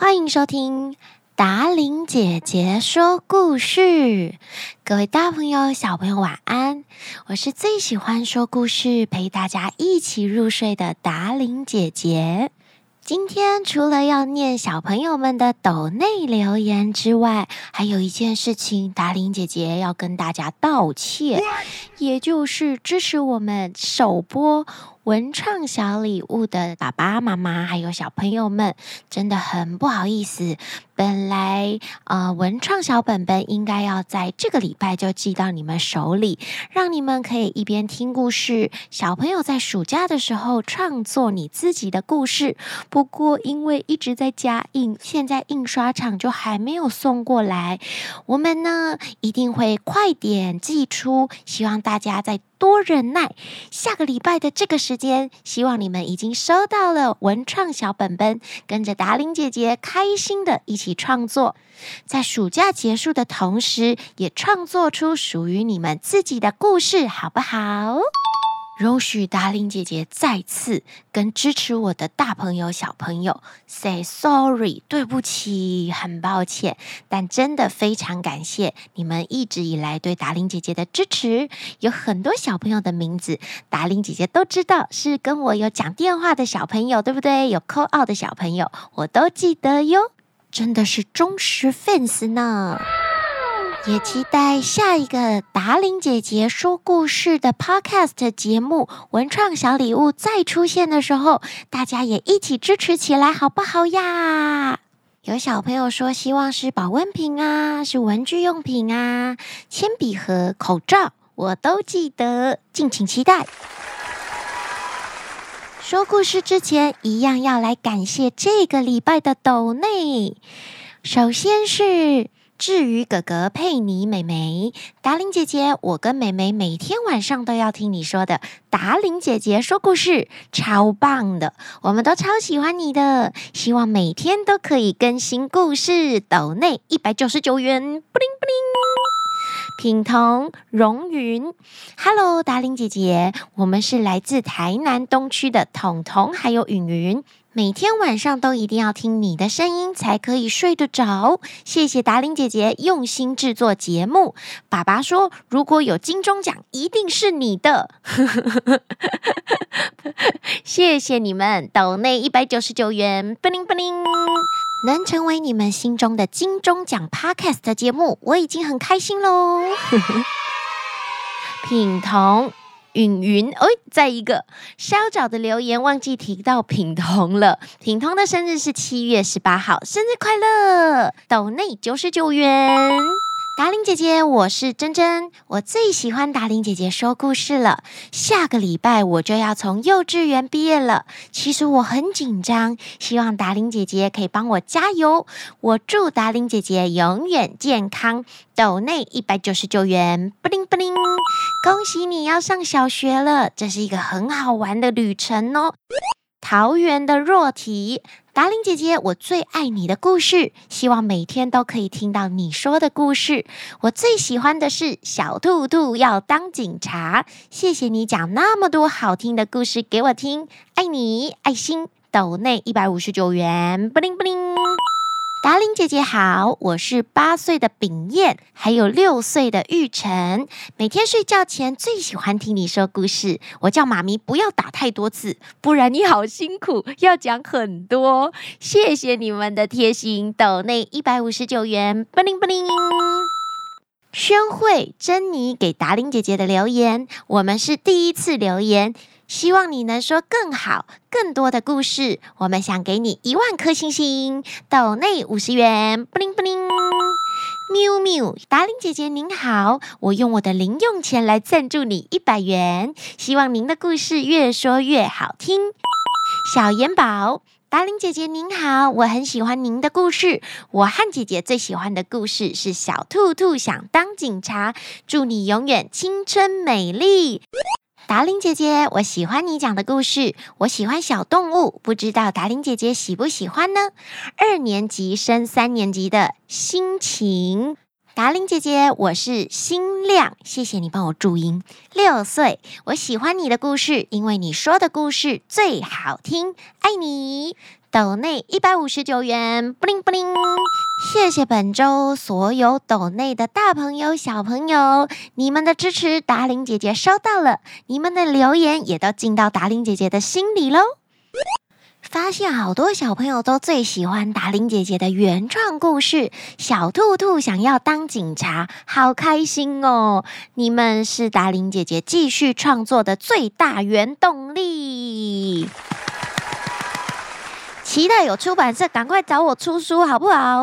歡迎收聽達伶姐姐說故事，各位大朋友、小朋友晚安！我是最喜歡說故事、陪大家一起入睡的達伶姐姐。今天除了要念小朋友們的抖內留言之外，還有一件事情，達伶姐姐要跟大家道歉，也就是支持我們首播。文創小禮物的爸爸媽媽還有小朋友們，真的很不好意思。本來呃，文創小本本應該要在這個禮拜就寄到你們手裡，讓你們可以一邊聽故事，小朋友在暑假的時候創作你自己的故事。不過因為一直在加印，現在印刷廠就還沒有送過來。我們呢，一定會快點寄出，希望大家在。多忍耐，下個禮拜的這個時間，希望你們已經收到了文創小本本，跟着達伶姐姐開心的一起創作，在暑假結束的同時，也創作出屬於你們自己的故事，好不好？容許達伶姐姐再次跟支持我的大朋友、小朋友 say sorry，對不起，很抱歉，但真的非常感謝你們一直以來對達伶姐姐的支持。有很多小朋友的名字，達伶姐姐都知道，是跟我有講電話的小朋友，對不對？有 call out 的小朋友，我都記得喲，真的是忠實粉絲呢。也期待下一個達伶姐姐說故事的 Podcast 節目文創小禮物再出現的時候，大家也一起支持起來，好不好呀？有小朋友說希望是保溫瓶啊，是文具用品啊，鉛筆盒、口罩，我都記得，敬請期待。 說故事之前，一樣要來感謝這個禮拜的抖內，首先是。至於哥哥配你，妹妹、達伶姐姐，我跟妹妹每天晚上都要聽你說的達伶姐姐說故事，超棒的，我們都超喜歡你的，希望每天都可以更新故事。抖內一百九十九元，布靈布靈。品彤、榮云，Hello，達伶姐姐，我們是來自台南東區的彤彤還有允云。每天晚上都一定要聽你的聲音，才可以睡得着。謝謝達伶姐姐用心製作節目。爸爸說，如果有金鐘獎，一定是你的。 謝謝你們，抖內一百九十九元 bling bling，能成為你們心中的金鐘獎 Podcast 的節目，我已經很開心嘍。 品同。云云，哎、哦，再一個，稍早的留言忘記提到品同了。品同的生日是七月十八號，生日快樂！抖內九十九元。達伶姐姐，我是珍珍，我最喜歡達伶姐姐說故事了。下個禮拜我就要從幼稚園畢業了，其實我很緊張，希望達伶姐姐可以幫我加油。我祝達伶姐姐永遠健康。斗內一百九十九元，布靈布靈。恭喜你要上小學了，這是一個很好玩的旅程哦。桃園的弱體，達伶姐姐，我最愛你的故事，希望每天都可以聽到你說的故事。我最喜歡的是小兔兔要當警察。謝謝你講那麼多好聽的故事給我聽，愛你，愛心抖內一百五十九元，布靈布靈。達伶姐姐好，我是八歲的秉燕，還有六歲的玉成。每天睡覺前最喜歡聽你說故事。我叫媽咪不要打太多次，不然你好辛苦，要講很多。謝謝你們的貼心。抖內一百五十九元，不靈不靈。宣慧、珍妮給達伶姐姐的留言，我們是第一次留言。希望你能說更好，更多的故事，我們想給你一萬顆星星，抖內五十元，布靈布靈，喵喵。達伶姐姐您好，我用我的零用錢來贊助你一百元，希望您的故事越說越好聽。小元寶，達伶姐姐您好，我很喜歡您的故事，我和姐姐最喜歡的故事是小兔兔想當警察，祝你永遠青春美麗。達伶姐姐，我喜歡你講的故事，我喜歡小動物，不知道達伶姐姐喜不喜歡呢？二年級升三年級的心情。達伶姐姐，我是新亮，謝謝你幫我注音。六歲，我喜歡你的故事，因為你說的故事最好聽，愛你。抖內一百五十九元，布靈布靈。謝謝本周所有抖內的大朋友、小朋友，你們的支持，達伶姐姐收到了，你們的留言也都進到達伶姐姐的心裡嘍。發現好多小朋友都最喜歡達玲姐姐的原創故事，《小兔兔想要當警察》，好開心哦！你們是達玲姐姐繼續創作的最大原動力，期待有出版社趕快找我出書，好不好？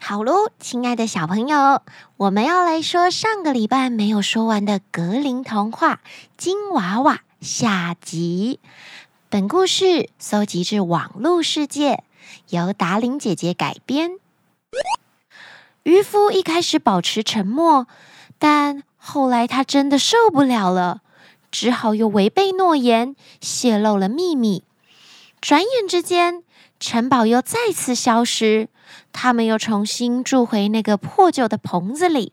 好嘍，親愛的小朋友，我們要來說上個禮拜沒有說完的格林童話《金娃娃》下集。本故事蒐集自網絡世界，由達伶姐姐改編。漁夫一開始保持沉默，但後來他真的受不了了，只好又違背諾言，洩露了秘密。轉眼之間，城堡又再次消失，他們又重新住回那個破舊的棚子裡。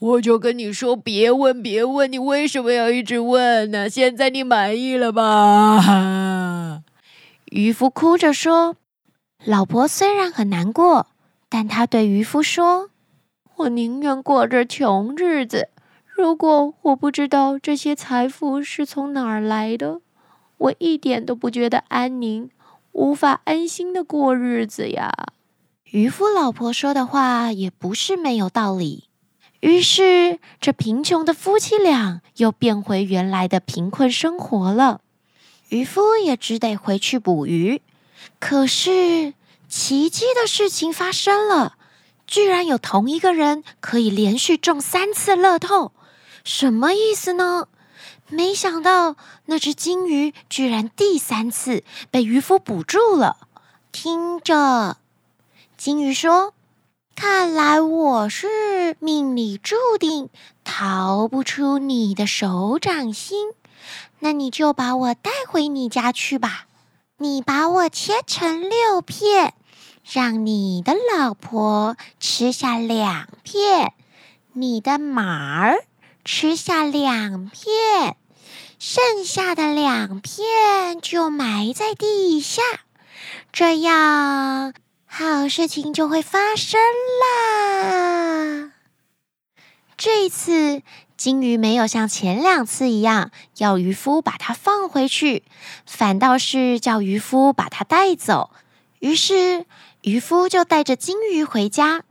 我就跟你說，別問，別問，你為什麼要一直問呢？現在你滿意了吧？漁夫哭着說：“老婆雖然很難過，但她對漁夫說：‘我寧願過這窮日子。如果我不知道這些財富是從哪兒來的，我一點都不覺得安寧，無法安心的過日子呀。’漁夫老婆說的話也不是沒有道理。”於是，這貧窮的夫妻倆又變回原來的貧困生活了。漁夫也只得回去捕魚。可是，奇蹟的事情發生了，居然有同一個人可以連續中三次樂透，什麼意思呢？沒想到，那只金魚居然第三次被漁夫捕住了。聽着，金魚說。看來我是命裡注定逃不出你的手掌心，那你就把我帶回你家去吧。你把我切成六片，讓你的老婆吃下兩片，你的馬兒吃下兩片，剩下的兩片就埋在地下，這樣。好事情就會發生啦！這一次金魚沒有像前兩次一樣要漁夫把它放回去，反倒是叫漁夫把它帶走。於是漁夫就帶着金魚回家，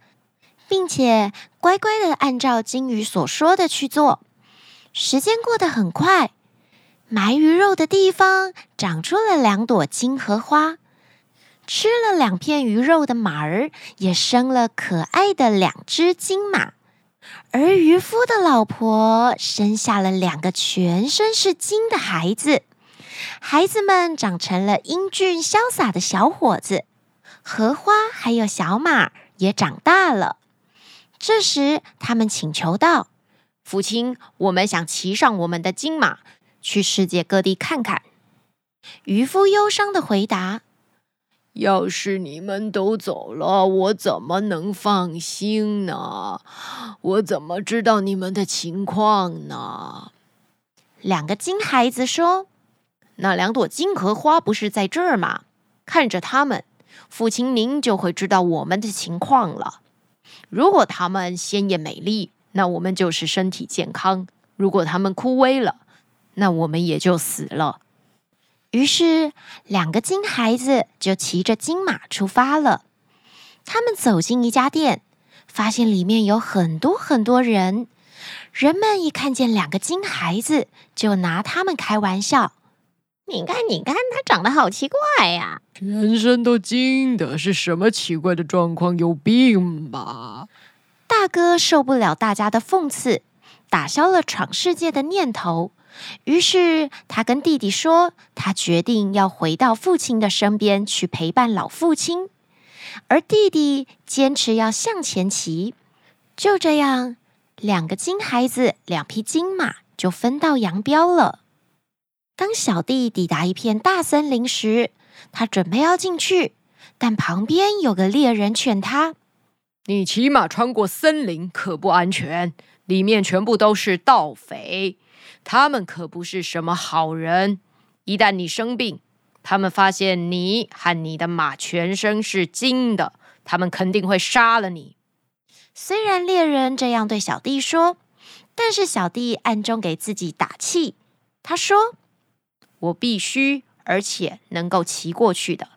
並且乖乖的按照金魚所說的去做。時間過得很快，埋魚肉的地方長出了兩朵金荷花。吃了兩片魚肉的馬兒也生了可愛的兩隻金馬，而漁夫的老婆生下了兩個全身是金的孩子。孩子們長成了英俊瀟灑的小伙子，荷花還有小馬也長大了。這時，他們請求道：“父親，我們想騎上我們的金馬去世界各地看看。”漁夫憂傷的回答。要是你們都走了，我怎麼能放心呢？我怎麼知道你們的情況呢？兩個金孩子說：“那兩朵金荷花不是在這兒嗎？看着它們，父親您就會知道我們的情況了。如果它們鮮豔美麗，那我們就是身體健康；如果它們枯萎了，那我們也就死了。”於是，兩個金孩子就騎着金馬出發了。他們走進一家店，發現裡面有很多很多人。人們一看見兩個金孩子，就拿他們開玩笑：“你看，你看，他長得好奇怪呀！”全身都金的，是什麼奇怪的狀況？有病吧？大哥受不了大家的諷刺，打消了闖世界的念頭。於是他跟弟弟說：“他決定要回到父親的身邊去陪伴老父親。”而弟弟堅持要向前騎。就這樣，兩個金孩子、兩匹金馬就分道揚鑣了。當小弟抵達一片大森林時，他準備要進去，但旁邊有個獵人勸他：“你騎馬穿過森林可不安全，裡面全部都是盜匪。”他們可不是什麼好人。一旦你生病，他們發現你和你的馬全身是金的，他們肯定會殺了你。雖然獵人這樣對小弟說，但是小弟暗中給自己打氣。他說：“我必須，而且能夠騎過去的。”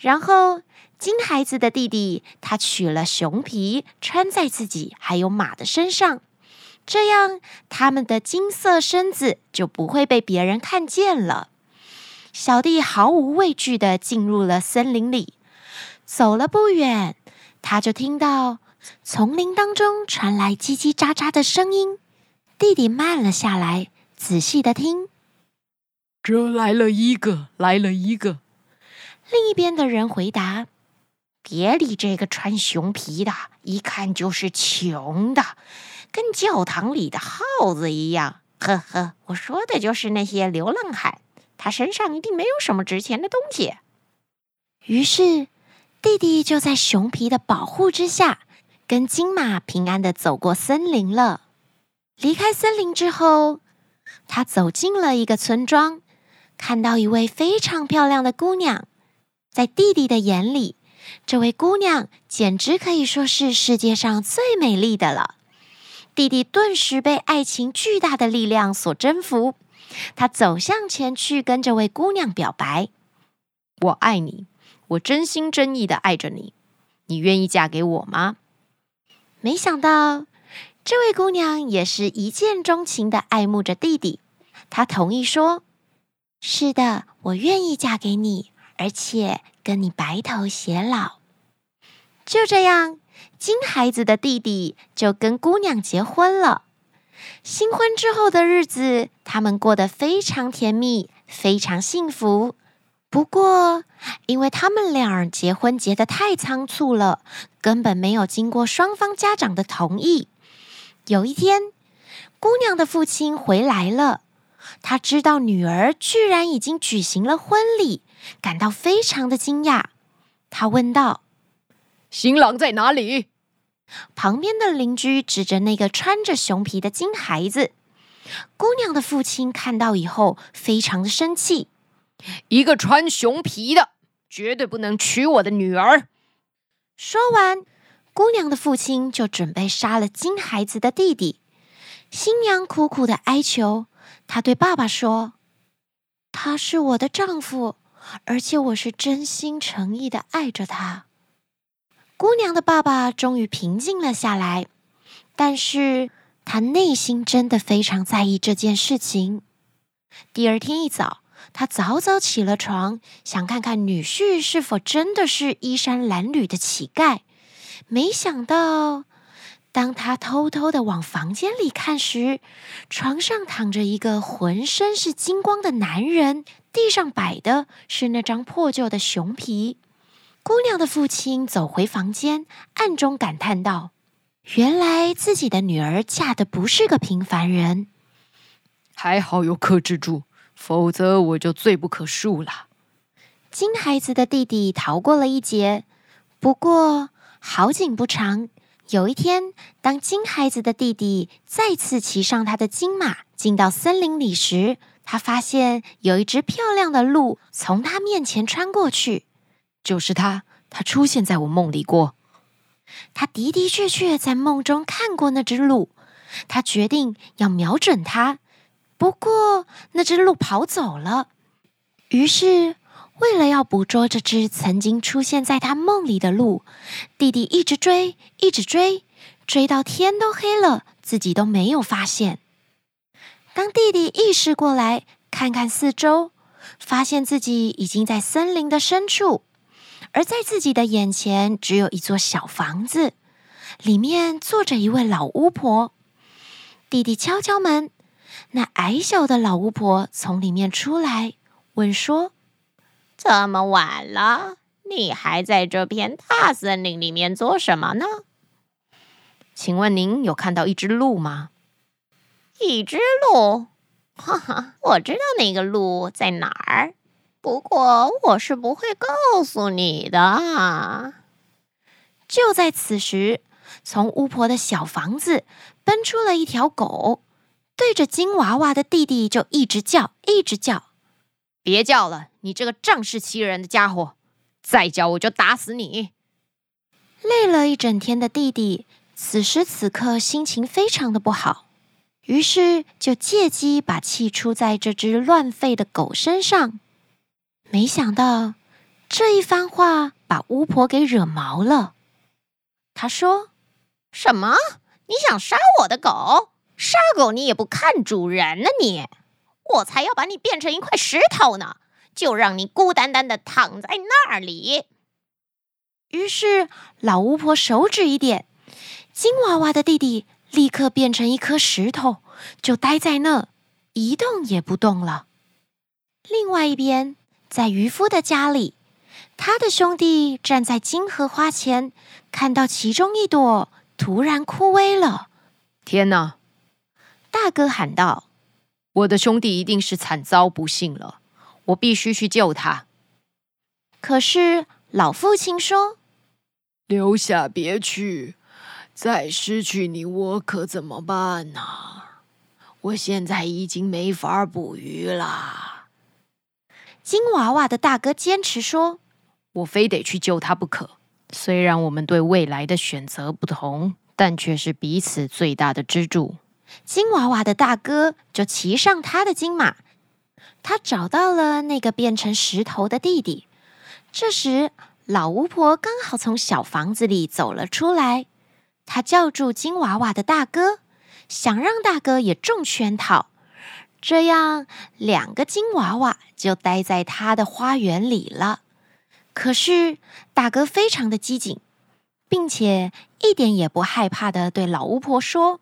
然後金孩子的弟弟他取了熊皮，穿在自己還有馬的身上。這樣，他們的金色身子就不會被別人看見了。小弟毫無畏懼地進入了森林裡，走了不遠，他就聽到叢林當中傳來嘰嘰喳喳的聲音。弟弟慢了下來，仔細地聽。這來了一個，來了一個。另一邊的人回答：“別理這個穿熊皮的，一看就是窮的。”跟教堂裡的耗子一樣，呵呵，我說的就是那些流浪漢。他身上一定沒有什麼值錢的東西。於是，弟弟就在熊皮的保護之下，跟金馬平安地走過森林了。離開森林之後，他走進了一個村莊，看到一位非常漂亮的姑娘。在弟弟的眼裡，這位姑娘簡直可以說是世界上最美麗的了。弟弟頓時被愛情巨大的力量所征服，他走向前去跟這位姑娘表白：“我愛你，我真心真意的愛着你，你願意嫁給我嗎？”沒想到，這位姑娘也是一見鍾情的愛慕着弟弟，她同意說：“是的，我願意嫁給你，而且跟你白頭偕老。”就這樣。金孩子的弟弟就跟姑娘結婚了。新婚之後的日子，他們過得非常甜蜜，非常幸福。不過，因為他們倆結婚結得太倉促了，根本沒有經過雙方家長的同意。有一天，姑娘的父親回來了，他知道女兒居然已經舉行了婚禮，感到非常的驚訝。他問道。新郎在哪裡？旁邊的鄰居指着那個穿着熊皮的金孩子。姑娘的父親看到以後，非常的生氣：“一個穿熊皮的，絕對不能娶我的女兒！”說完，姑娘的父親就準備殺了金孩子的弟弟。新娘苦苦的哀求，她對爸爸說：“他是我的丈夫，而且我是真心誠意的愛着他。”姑娘的爸爸終於平靜了下來，但是他內心真的非常在意這件事情。第二天一早，他早早起了床，想看看女婿是否真的是衣衫襤褸的乞丐。沒想到，當他偷偷的往房間裡看時，床上躺着一個渾身是金光的男人，地上擺的是那張破舊的熊皮。姑娘的父親走回房間，暗中感嘆道：“原來自己的女兒嫁的不是個平凡人，還好有克制住，否則我就罪不可恕了。”金孩子的弟弟逃過了一劫，不過好景不長。有一天，當金孩子的弟弟再次騎上他的金馬，進到森林裡時，他發現有一隻漂亮的鹿從他面前穿過去。就是他，他出現在我夢裡過，他的的確確在夢中看過那隻鹿。他決定要瞄準它，不過那隻鹿跑走了。於是，為了要捕捉這隻曾經出現在他夢裡的鹿，弟弟一直追，一直追，追到天都黑了，自己都沒有發現。當弟弟意識過來，看看四周，發現自己已經在森林的深處。而在自己的眼前只有一座小房子，裡面坐着一位老巫婆。弟弟敲敲門，那矮小的老巫婆從裡面出來，問說：“這麼晚了，你還在這片大森林裡面做什麼呢？請問您有看到一隻鹿嗎？一隻鹿？哈哈，我知道那個鹿在哪兒。”不過我是不會告訴你的啊。就在此時，從巫婆的小房子奔出了一條狗，對着金娃娃的弟弟就一直叫，一直叫。別叫了，你這個仗勢欺人的家伙！再叫我就打死你！累了一整天的弟弟，此時此刻心情非常的不好，於是就借機把氣出在這只亂吠的狗身上。沒想到這一番話把巫婆給惹毛了。她說：“什麼？你想殺我的狗？殺狗你也不看主人呢、啊！你，我才要把你變成一塊石頭呢，就讓你孤單單的躺在那裡。”於是老巫婆手指一點，金娃娃的弟弟立刻變成一顆石頭，就待在那一動也不動了。另外一邊。在漁夫的家裡，他的兄弟站在金荷花前，看到其中一朵突然枯萎了。天哪！大哥喊道：“我的兄弟一定是慘遭不幸了，我必須去救他。”可是老父親說：“留下，別去。再失去你，我可怎麼辦呢、啊？我現在已經沒法捕魚了。”金娃娃的大哥堅持說：“我非得去救他不可。”雖然我們對未來的選擇不同，但卻是彼此最大的支柱。金娃娃的大哥就騎上他的金馬，他找到了那個變成石頭的弟弟。這時，老巫婆剛好從小房子裡走了出來，她叫住金娃娃的大哥，想讓大哥也中圈套。這樣，兩個金娃娃就待在他的花園裡了。可是，大哥非常的機警，並且一點也不害怕的對老巫婆說：“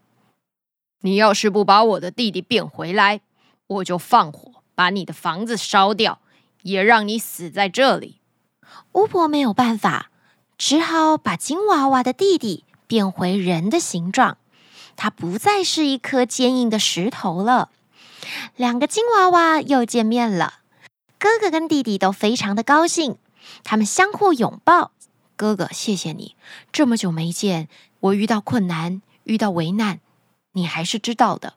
你要是不把我的弟弟變回來，我就放火把你的房子燒掉，也讓你死在這裡。”巫婆沒有辦法，只好把金娃娃的弟弟變回人的形狀。他不再是一顆堅硬的石頭了。兩個金娃娃又見面了，哥哥跟弟弟都非常的高興，他們相互擁抱。哥哥，謝謝你，這麼久沒見，我遇到困難，遇到危難，你還是知道的。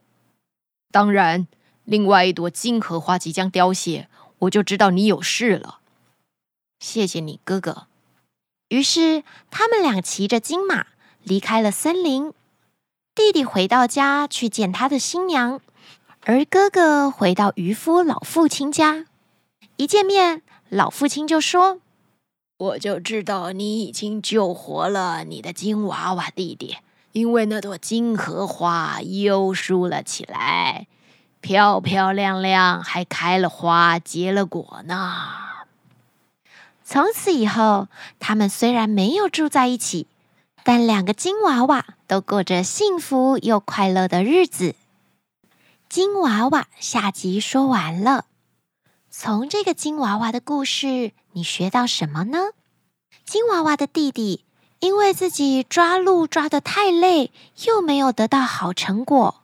當然，另外一朵金荷花即將凋謝，我就知道你有事了。謝謝你，哥哥。於是，他們倆騎着金馬離開了森林。弟弟回到家去見他的新娘。而哥哥回到漁夫老父親家，一見面，老父親就說：“我就知道你已經救活了你的金娃娃弟弟，因為那朵金荷花又豎了起來，漂漂亮亮，還開了花，結了果呢。”從此以後，他們雖然沒有住在一起，但兩個金娃娃都過着幸福又快樂的日子。金娃娃下集說完了。從這個金娃娃的故事，你學到什麼呢？金娃娃的弟弟因為自己抓鹿抓得太累，又沒有得到好成果，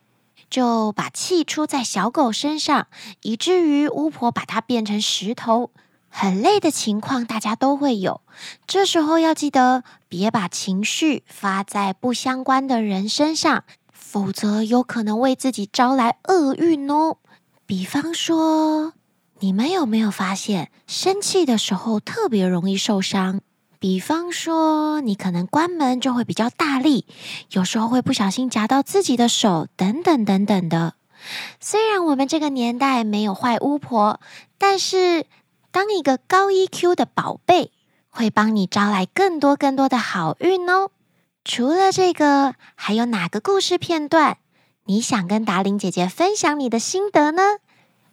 就把氣出在小狗身上，以至於巫婆把它變成石頭。很累的情況大家都會有，這時候要記得別把情緒發在不相關的人身上。否則有可能為自己招來厄運哦。比方說，你們有沒有發現，生氣的時候特別容易受傷？比方說，你可能關門就會比較大力，有時候會不小心夾到自己的手，等等等等的。雖然我們這個年代沒有壞巫婆，但是當一個高 EQ 的寶貝，會幫你招來更多更多的好運哦。除了這個，還有哪個故事片段你想跟達伶姐姐分享你的心得呢？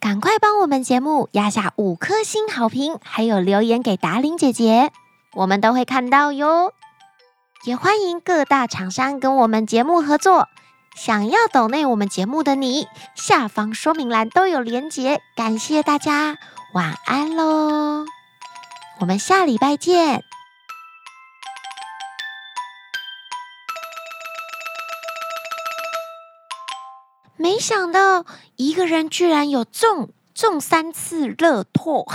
趕快幫我們節目壓下五顆星好評，還有留言給達伶姐姐，我們都會看到喲。也歡迎各大廠商跟我們節目合作。想要抖內我們節目的你，下方說明欄都有連結。感謝大家，晚安嘍！我們下禮拜見。沒想到一個人居然有中中三次樂透，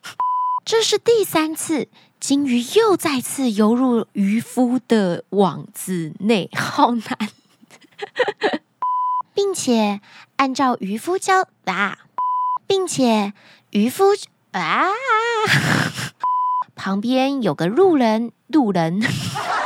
這是第三次，金魚又再次游入漁夫的網子內，好難， 並且按照漁夫教啊，並且漁夫啊， 旁邊有個路人，路人。